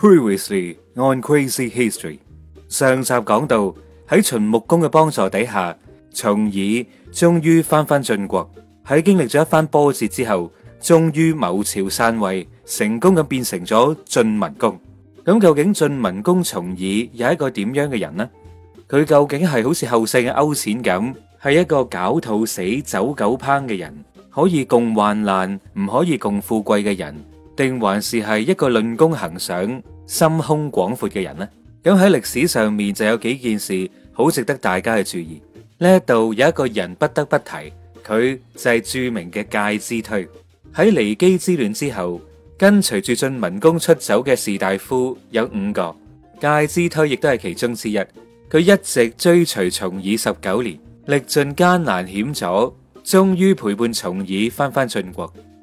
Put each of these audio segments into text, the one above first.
Previously on Crazy History，上集講到喺秦穆公嘅幫助底下，重耳終於翻返晉國。喺經歷咗一番波折之後，終於謀朝篡位，成功咁變成咗晉文公。咁究竟晉文公重耳有一個點樣嘅人呢？佢究竟係好似後世嘅勾踐咁，係一個狡兔死，走狗烹嘅人，可以共患難，唔可以共富貴嘅人？定還是係一個論功行賞、心胸廣闊嘅人呢？咁喺歷史上面就有幾件事好值得大家去注意。呢一度有一個人不得不提，佢就係著名嘅介之推。喺驪姬之亂之後，跟隨住晉文公出走嘅士大夫有五個，介之推亦都係其中之一。佢一直追隨重耳十九年，歷盡艱難險阻，終於陪伴重耳翻返晉國。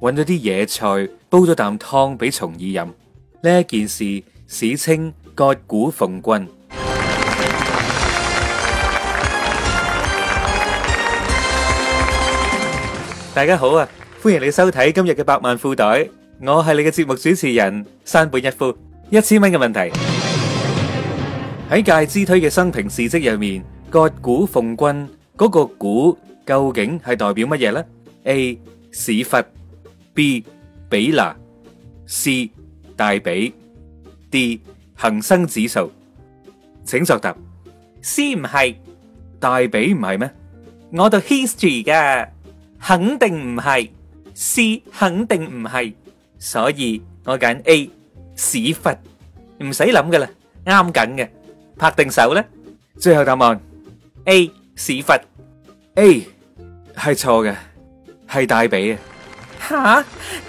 搵咗啲野菜，煲咗啖湯俾重耳飲。呢一件事史稱割股奉君。大家好啊，歡迎你收睇今日嘅百萬富袋。我係你嘅節目主持人山本一夫。一千蚊嘅問題喺介之推嘅生平事迹入面，割股奉君嗰個股究竟係代表乜嘢呢？A. 屎忽 B 比納，C 大髀，D 恒生指數，請作答。C 唔係大髀唔係咩？我讀 history 噶，肯定唔係。C 肯定唔係，所以我揀 A 屎忽，唔使諗噶啦，啱緊嘅，拍定手啦。最後答案 A 屎忽，A 係錯嘅，係大髀啊。吓？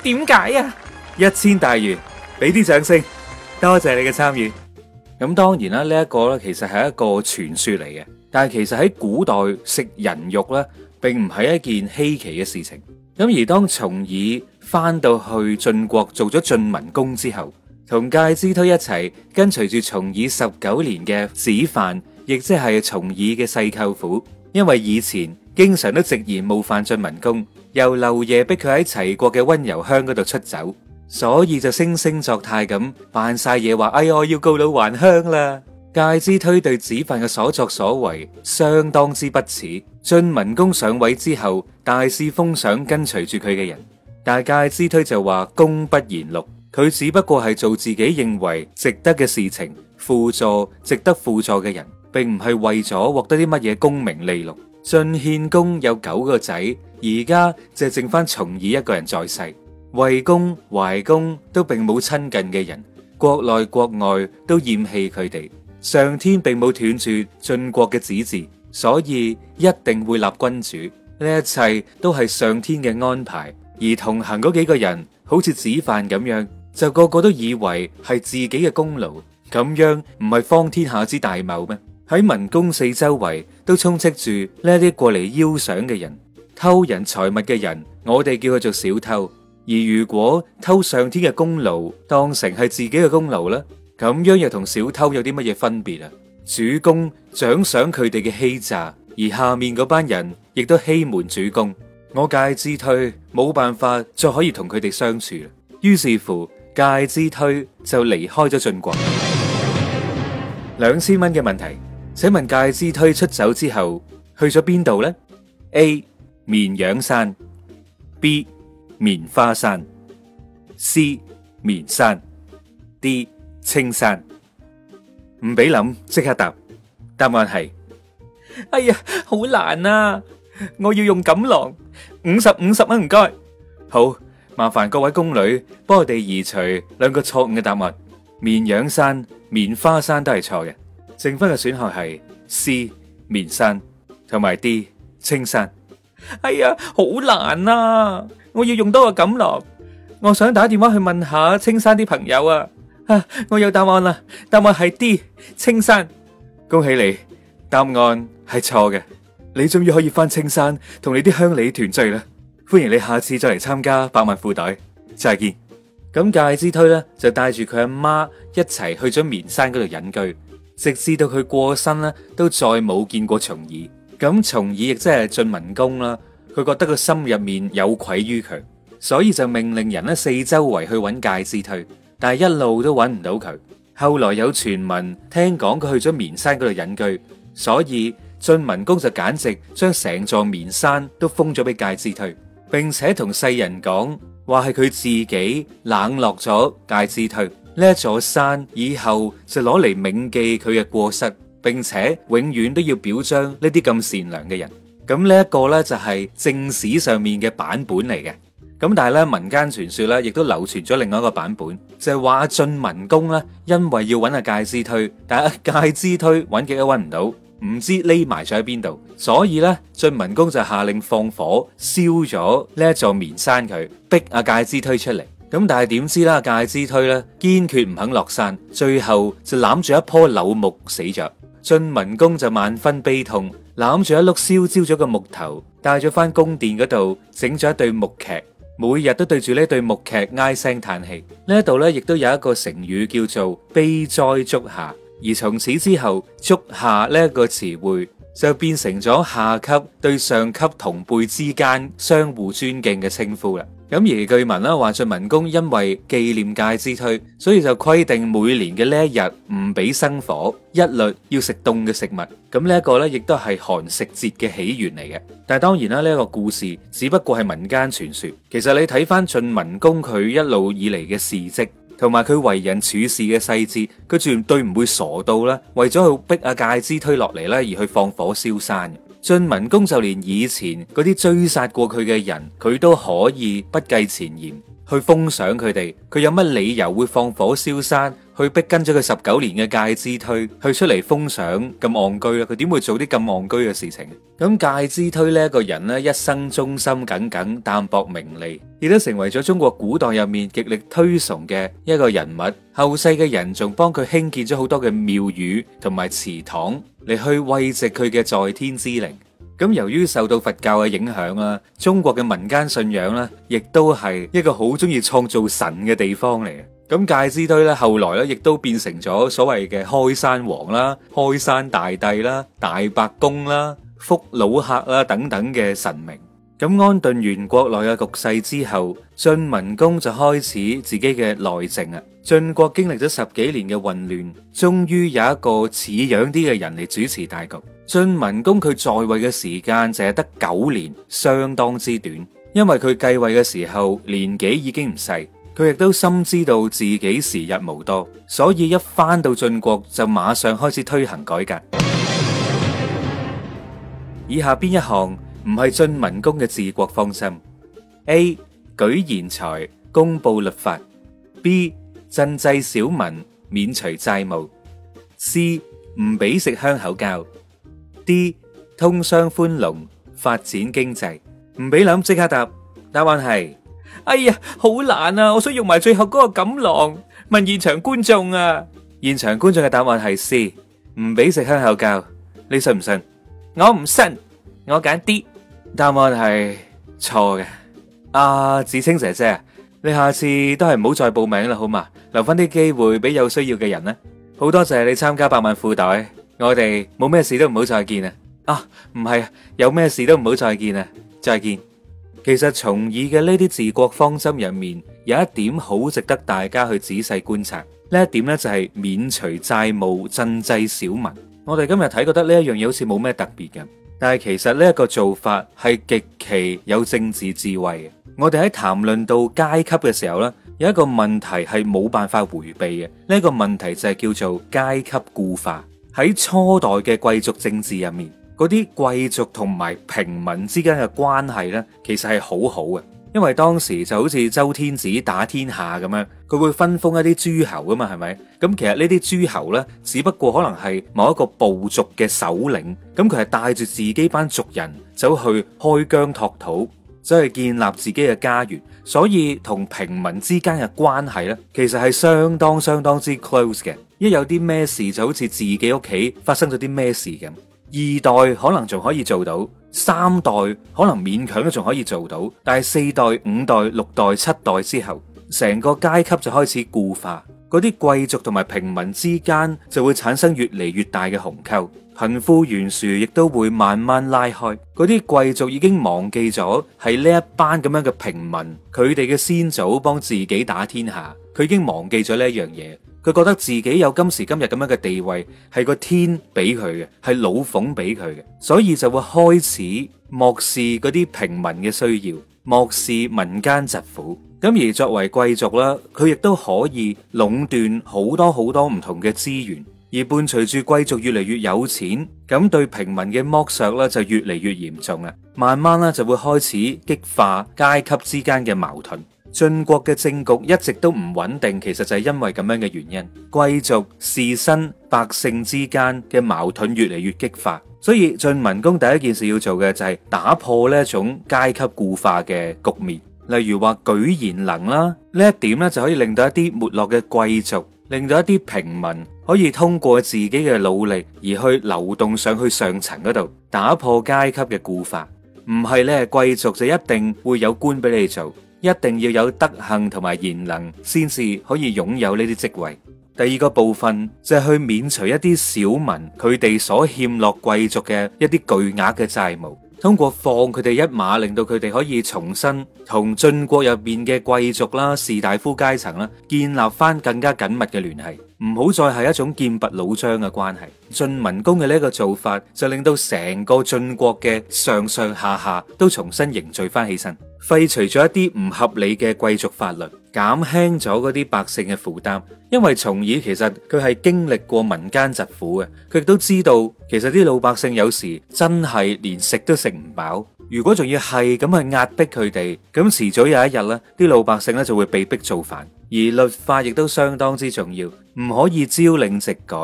點解呀？一千大元，俾啲掌聲，多謝你嘅參與。咁當然啦，呢一個呢其實係一個傳說嚟嘅。但係其實喺古代食人肉呢，並唔係一件稀奇嘅事情。咁而當重耳翻到去晉國做咗晉文公之後，同介之推一齊跟隨住重耳十九年嘅子犯，亦即係重耳嘅細舅父，因為以前經常都直言冒犯晉文公。由漏夜逼佢喺齊國嘅温柔鄉嗰度出走，所以就惺惺作態咁扮晒嘢，話哎呀我要告老還鄉啦。介之推對子犯嘅所作所為相當之不恥。晉文公上位之後，大肆封賞跟隨住佢嘅人，但介之推就話功不言祿，佢只不過係做自己認為值得嘅事情，輔助值得輔助嘅人，並唔係為咗獲得啲乜嘢功名利祿。晉獻公有九個仔，而家就剩翻重耳一個人在世。衛公、懷公都並冇親近嘅人，國內國外都厭棄佢哋。上天並冇斷絕晉國嘅子嗣，所以一定會立君主。呢一切都係上天嘅安排。而同行嗰幾個人好似子犯咁樣，就個個都以為係自己嘅功勞，咁樣唔係荒天下之大謬咩？喺文公四周圍都充斥住呢一啲過嚟邀賞嘅人，偷人財物嘅人，我哋叫佢做小偷。而如果偷上天嘅功勞，當成係自己嘅功勞咧，咁樣又同小偷有啲乜嘢分別啊？主公獎賞佢哋嘅欺詐，而下面嗰班人亦都欺瞞主公。我介之推冇辦法再可以同佢哋相處，於是乎介之推就離開咗晉國。兩千蚊嘅問題。請問介之推出走之後去咗邊度咧？A 綿羊山，B 棉花山，C 綿山，D 青山。唔俾諗，即刻答。答案係，哎呀，好難啊！我要用錦囊，五十五十蚊唔該。好，麻煩各位宮女幫我哋移除兩個錯誤嘅答案，綿羊山、棉花山都係錯嘅。剩翻嘅選項係 C 綿山同埋 D 青山。哎呀，好難啊！我要用多個錦囊，我想打電話去問下青山啲朋友啊。啊，我有答案啦，答案係 D 青山。恭喜你，答案係錯嘅。你終於可以翻青山同你啲鄉里團聚啦。歡迎你下次再嚟參加百萬富袋，再見。咁介之推咧，就帶住佢阿媽一齊去咗綿山嗰度隱居。直至到佢過身咧，都再冇見過重耳。咁重耳亦即係晉文公啦，佢覺得個心入面有愧於佢，所以就命令人咧四周圍去揾介之推，但係一路都揾唔到佢。後來有傳聞聽講佢去咗綿山嗰度隱居，所以晉文公就簡直將成座綿山都封咗俾介之推，並且同世人講話係佢自己冷落咗介之推。呢一座山以後就攞嚟銘記佢嘅過失，並且永遠都要表彰呢啲咁善良嘅人。咁呢一個咧就係正史上面嘅版本嚟嘅。咁但係咧，民間傳說咧亦都流傳咗另外一個版本，就係話晉文公咧因為要揾阿介之推，但係阿介之推揾極都揾唔到，唔知匿埋咗喺邊度，所以咧晉文公就下令放火燒咗呢一座綿山佢，逼阿介之推出嚟。咁但係點知啦？介之推咧堅決唔肯落山，最後就攬住一棵柳木死咗。晉文公就萬分悲痛，攬住一碌燒焦咗嘅木頭，帶咗翻宮殿嗰度整咗一對木屐，每日都對住呢對木屐唉聲嘆氣。呢一度咧亦都有一個成語叫做悲哉足下，而從此之後，足下呢一個詞彙就變成咗下級對上級同輩之間相互尊敬嘅稱呼啦。咁而據聞啦，話晉文公因為紀念介之推，所以就規定每年嘅呢一日唔俾生火，一律要食凍嘅食物。咁呢一個呢，亦都係寒食節嘅起源嚟嘅。但係當然啦，呢一個故事只不過係民間傳説。其實你睇翻晉文公佢一路以嚟嘅事蹟，同埋佢為人處事嘅細節，佢絕對唔會傻到啦，為咗去逼阿介之推落嚟呢，而去放火燒山。晉文公就連以前嗰啲追殺過佢嘅人，佢都可以不計前嫌。去封賞佢哋，佢有乜理由會放火燒山？去逼跟咗佢十九年嘅介之推去出嚟封賞咁戇居啊，佢點會做啲咁戇居嘅事情？咁介之推呢一個人呢一生忠心耿耿，淡泊名利，亦都成為咗中國古代入面極力推崇嘅一個人物。後世嘅人仲幫佢興建咗好多嘅廟宇同埋祠堂嚟去慰藉佢嘅在天之靈。咁由於受到佛教嘅影響啦，中國嘅民間信仰咧，亦都係一個好中意創造神嘅地方嚟。咁介之推咧，後來咧，亦都變成咗所謂嘅開山王啦、開山大帝啦、大白公啦、福老客啦等等嘅神明。咁安頓完國內嘅局勢之後，晉文公就開始自己嘅內政啊。晉國經歷咗十幾年嘅混亂，終於有一個似樣啲嘅人嚟主持大局。晉文公佢在位嘅時間淨係得九年，相當之短。因為佢繼位嘅時候年紀已經唔細，佢亦都深知道自己時日無多，所以一翻到晉國就馬上開始推行改革。 以下邊一項？唔係晉文公嘅治國方針：A 舉賢才，公布律法；B 鎮制小民，免除債務；C 唔俾食香口膠；D 通商寬農，發展經濟。唔俾諗，即刻答。答案係，哎呀，好難啊！我想用埋最後嗰個錦囊。問現場觀眾啊，現場觀眾嘅答案係 C，唔俾食香口膠。你信唔信？我唔信，我揀 D。答案係錯嘅，阿、啊、志清姐姐，你下次都係唔好再報名啦，好嘛？留翻啲機會俾有需要嘅人啦。好多謝你參加百萬富袋，我哋冇咩事都唔好再見啊！啊，唔係，有咩事都唔好再見啊！再見。其實重耳嘅呢啲治國方針入面，有一點好值得大家去仔細觀察。呢一點咧就係免除債務、賑濟小民。我哋今日睇覺得呢一樣嘢好似冇咩特別嘅。但係其實呢一個做法係極其有政治智慧嘅。我哋喺談論到階級嘅時候咧，有一個問題係冇辦法回避嘅。呢一個問題就係叫做階級固化。喺初代嘅貴族政治入面，嗰啲貴族同埋平民之間嘅關係咧，其實係好好嘅。因為當時就好似周天子打天下咁樣，佢會分封一啲諸侯吖嘛，係咪？咁其實呢啲諸侯呢，只不過可能係某一個部族嘅首領，咁佢係帶住自己班族人走去開疆拓土，走去建立自己嘅家園。所以同平民之間嘅關係呢，其實係相當相當之 close 嘅。一有啲咩事，就好似自己屋企發生咗啲咩事咁。二代可能仲可以做到，三代可能勉強都仲可以做到，但係四代、五代、六代、七代之後，成個階級就開始固化，嗰啲貴族同埋平民之間就會產生越嚟越大嘅鴻溝，貧富懸殊亦都會慢慢拉開。嗰啲貴族已經忘記咗係呢一班咁樣嘅平民，佢哋嘅先祖幫自己打天下，佢已經忘記咗呢一樣嘢。佢覺得自己有今時今日咁樣嘅地位，係個天俾佢嘅，係老奉俾佢嘅，所以就會開始漠視嗰啲平民嘅需要，漠視民間疾苦。咁而作為貴族啦，佢亦都可以壟斷好多好多唔同嘅資源。而伴隨住貴族越嚟越有錢，咁對平民嘅剝削啦就越嚟越嚴重啦，慢慢啦就會開始激化階級之間嘅矛盾。晉國嘅政局一直都唔穩定，其實就係因為咁樣嘅原因，貴族士紳、百姓之間嘅矛盾越嚟越激化，所以晉文公第一件事要做嘅就係打破呢一種階級固化嘅局面。例如話舉賢能啦，呢一點咧就可以令到一啲沒落嘅貴族，令到一啲平民可以通過自己嘅努力而去流動上去上層嗰度，打破階級嘅固化。唔係你係貴族就一定會有官俾你做。一定要有德行同埋賢能，先至可以擁有呢啲職位。第二個部分就係去免除一啲小民佢哋所欠落貴族嘅一啲巨額嘅債務，通過放佢哋一馬，令到佢哋可以重新同晉國入面嘅貴族啦、士大夫階層啦，建立翻更加緊密嘅聯繫。唔好再係一種劍拔弩張嘅關係。晉文公嘅呢一個做法，就令到成個晉國嘅上上下下都重新凝聚翻起身，廢除咗一啲唔合理嘅貴族法律，減輕咗嗰啲百姓嘅負擔。因為重耳其實佢係經歷過民間疾苦嘅，佢亦都知道其實啲老百姓有時真係連食都食唔飽。如果仲要係咁去壓迫佢哋，咁遲早有一日咧，啲老百姓咧就會被逼造反。而律法亦都相當之重要，唔可以朝令夕改，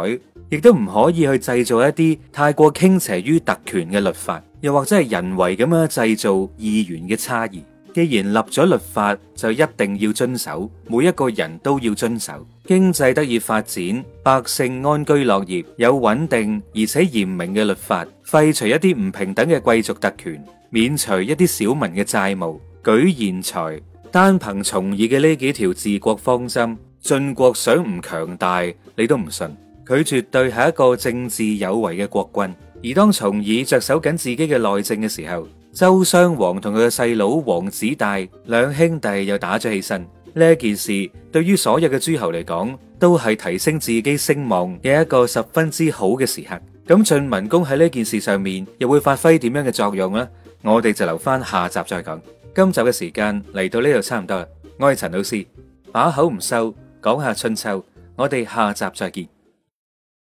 亦都唔可以去製造一啲太過傾斜於特權嘅律法，又或者係人為咁樣製造議員嘅差異。既然立咗律法，就一定要遵守，每一個人都要遵守。經濟得以發展，百姓安居樂業，有穩定而且嚴明嘅律法，廢除一啲唔平等嘅貴族特權。免除一啲小民嘅債務，舉賢才，單憑重耳嘅呢幾條治國方針，晉國想唔強大，你都唔信。佢絕對係一個政治有為嘅國君。而當重耳着手緊自己嘅內政嘅時候，周襄王同佢嘅細佬王子帶兩兄弟又打咗起身。呢件事對於所有嘅諸侯嚟講，都係提升自己聲望嘅一個十分之好嘅時刻。咁晉文公喺呢件事上面又會發揮點樣嘅作用呢？我哋就留翻下集再講，今集嘅時間嚟到呢度差唔多啦。我係陳老師，把口唔收，講下春秋，我哋下集再見。